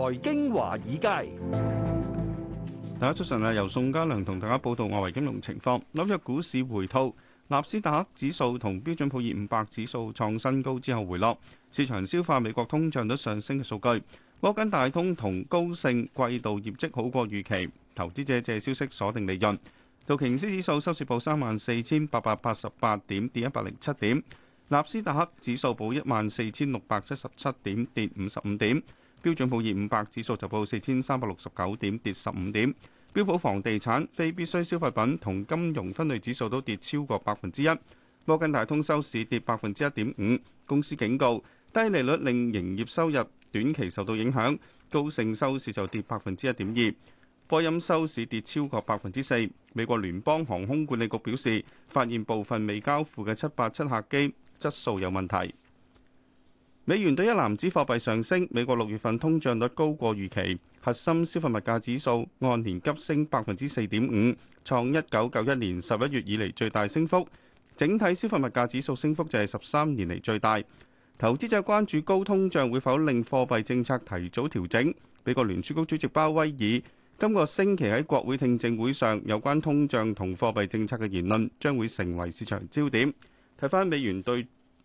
財經華爾街，大家早晨啊！由宋家良同大家報道外圍金融情況。紐約股市回吐，納斯達克指數同標準普爾五百指數創新高之後回落，市場消化美國通脹率上升嘅數據。摩根大通同高盛季度業績好過預期，投資者借消息鎖定利潤。道瓊斯指數收市報三萬四千八百八十八點，跌一百零七點；納斯達克指數報一萬四千六百七十七點，跌五十五點。標準普爾五百指數就報四千三百六十九點，跌十五點。標普房地產、非必需消費品同金融分類指數都跌超過百分之一。摩根大通收市跌百分之一點五，公司警告低利率令營業收入短期受到影響。高盛收市就跌百分之一點二，波音收市跌超過百分之四。美國聯邦航空管理局表示，發現部分未交付嘅七八七客機質素有問題。美元兌一籃子貨幣上升，美國六月份通脹率高過預期，核心消費物價指數按年急升百分之四點五，創一九九一年十一月以嚟最大升幅。整體消費物價指數升幅就係十三年嚟最大。投資者關注高通脹會否令貨幣政策提早調整。美國聯儲局主席鮑威爾今個星期喺國會聽證會上有關通脹同貨幣政策嘅言論將會成為市場焦點，睇翻，美元兌。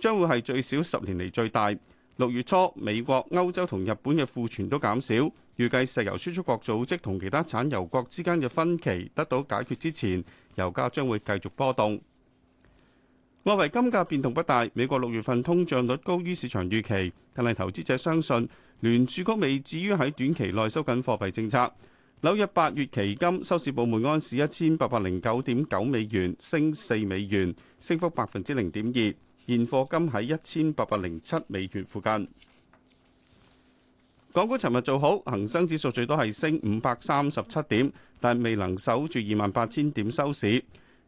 將會係最少十年嚟最大。六月初，美國、歐洲同日本嘅庫存都減少。預計石油輸出國組織同其他產油國之間嘅分歧得到解決之前，油價將會繼續波動。外圍金價變動不大。美國六月份通脹率高於市場預期，但係投資者相信聯儲局未至於喺短期內收緊貨幣政策。紐約八月期金收市報每安士一千八百零九點九美元，升四美元，升幅百分之零點二。現貨金喺一千八百零七美元附近。港股尋日做好，恒生指數最多係升五百三十七點，但未能守住二萬八千點收市。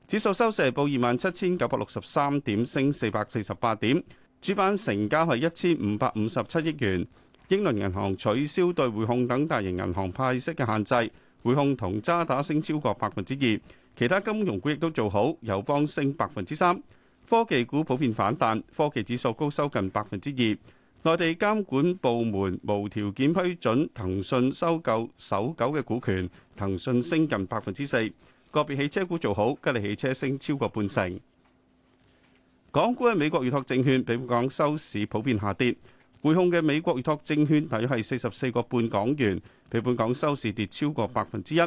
指數收市報二萬七千九百六十三點，升四百四十八點。主板成交係一千五百五十七億元。英倫銀行取消對匯控等大型銀行派息嘅限制，匯控同渣打升超過百分之二。其他金融股亦都做好，友邦升百分之三。科技股普遍反彈，科技指數高收近百分之二。內地監管部門無條件批准騰訊收購搜狗嘅股權，騰訊升近百分之四。個別汽車股做好，吉利汽車升超過半成。港股嘅美國預託證券，比本港收市普遍下跌。匯控嘅美國預託證券大約係四十四個半港元，比本港收市跌超過百分之一。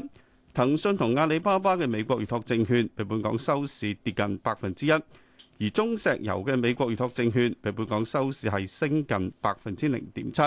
騰訊同阿里巴巴嘅美國預託證券，比本港收市跌近百分之一。而中石油嘅美國預托證券，比本港收市係升近百分之零點七。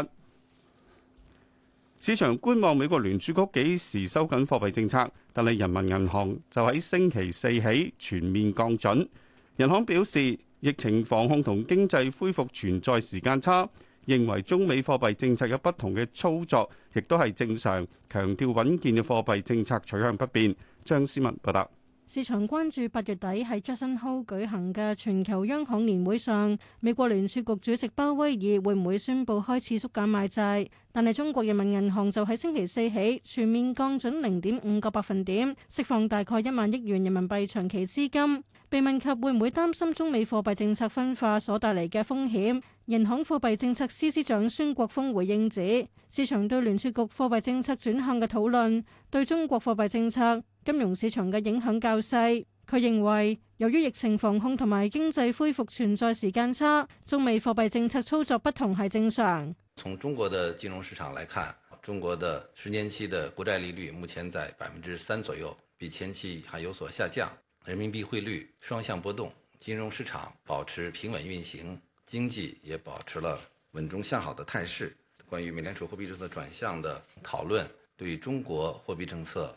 市場觀望美國聯儲局幾時收緊貨幣政策，但係人民銀行就喺星期四起全面降準。人行表示，疫情防控同經濟恢復存在時間差，認為中美貨幣政策有不同嘅操作，亦都係正常。強調穩健嘅貨幣政策取向不變。張思文報道。市場關注八月底喺 Jackson Hole 舉行嘅全球央行年會上，美國聯儲局主席鮑威爾會唔會宣布開始縮減買債，但係中國人民銀行就喺星期四起全面降準零點五個百分點，釋放大概一萬億元人民幣長期資金。被問及會唔會擔心中美貨幣政策分化所帶嚟嘅風險，人行貨幣政策司司長孫國峰回應指，市場對聯儲局貨幣政策轉向嘅討論，對中國貨幣政策。金融市場嘅影響較細，佢認為由於疫情防控同埋經濟恢復存在時間差，中美貨幣政策操作不同係正常。從中國的金融市場來看，中國的十年期的國債利率目前在百分之三左右，比前期還有所下降。人民幣匯率雙向波動，金融市場保持平穩運行，經濟也保持了穩中向好的態勢。關於美聯儲貨幣政策轉向的討論，對中國貨幣政策。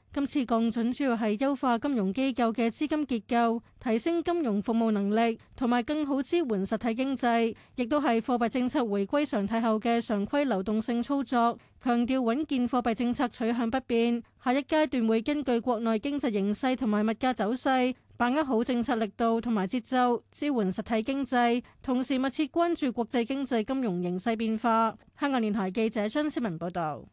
今次降準主要係優化金融機構嘅資金結構，提升金融服務能力，同埋更好支援實體經濟，亦都係貨幣政策回歸常態後嘅常規流動性操作，強調穩健貨幣政策取向不變，下一階段會根據國內經濟形勢同埋物價走勢，把握好政策力度同埋節奏，支援實體經濟，同時密切關注國際經濟金融形勢變化。香港電台記者張思文報道。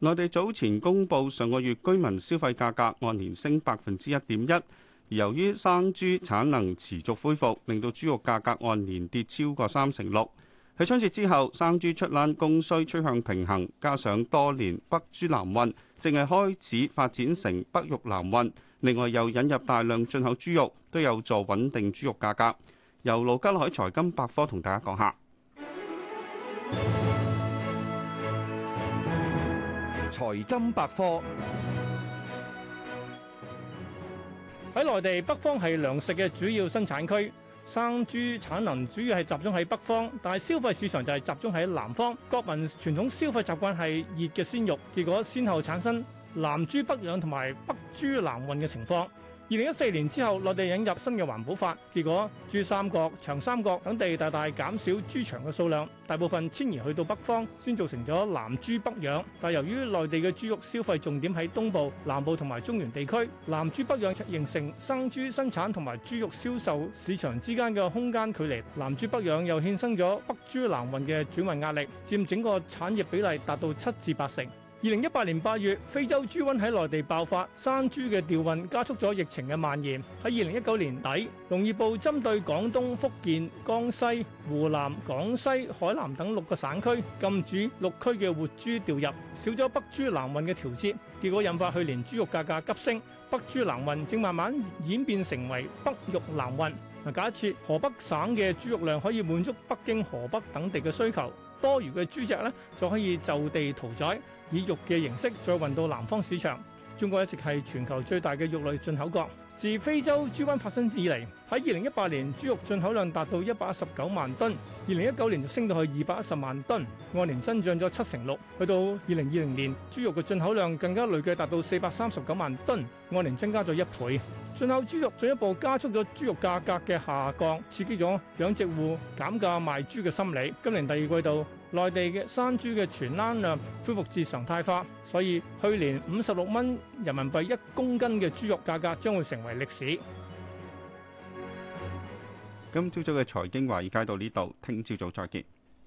內地早前公布上個月居民消費價格按年升百分之一點一，而由於生豬產能持續恢復，令到豬肉價格按年跌超過三成六。喺春節之後，生豬出欄供需趨向平衡，加上多年北豬南運正係開始發展成北肉南運，另外又引入大量進口豬肉，都有助穩定豬肉價格。由盧吉海財金百科同大家講下。 財金百科，喺內地北方係糧食嘅主要生產區，生豬產能主要係集中喺北方，但係消費市場就係集中喺南方。國民傳統消費習慣係熱嘅鮮肉，結果先後產生南豬北養同埋北豬南運嘅情況。二零一四年之後，內地引入新嘅環保法，結果珠三角、長三角等地大大減少豬場嘅數量，大部分遷移去到北方，先造成咗南豬北養。但由於內地嘅豬肉消費重點喺東部、南部同埋中原地區，南豬北養形成生豬生產同埋豬肉銷售市場之間嘅空間距離。南豬北養又衍生咗北豬南運嘅轉運壓力，佔整個產業比例達到七至八成。二零一八年八月，非洲豬瘟喺內地爆發，生豬嘅調運加速咗疫情嘅蔓延。喺二零一九年底，農業部針對廣東、福建、江西、湖南、廣西、海南等六個省區禁止六區嘅活豬調入，少咗北豬南運嘅調節，結果引發去年豬肉價格急升。北豬南運正慢慢演變成為北肉南運。嗱，假設河北省嘅豬肉量可以滿足北京、河北等地嘅需求。多餘嘅豬隻咧，就可以就地屠宰，以肉嘅形式再運到南方市場。中國一直係全球最大嘅肉類進口國。自非洲豬瘟發生之以嚟，喺二零一八年豬肉進口量達到一百一十九萬噸，二零一九年就升到去二百一十萬噸，按年增長咗七成六，去到二零二零年豬肉嘅進口量更加累計達到四百三十九萬噸，按年增加咗一倍。進口豬肉進一步加速咗豬肉價格嘅下降，刺激咗養殖戶減價賣豬嘅心理。今年第二季度內地嘅生豬嘅存欄量恢復至常態化，所以去年五十六蚊人民幣一公斤嘅豬肉價格將會成為歷史。今朝早嘅財經華爾街到呢度，聽朝早再見。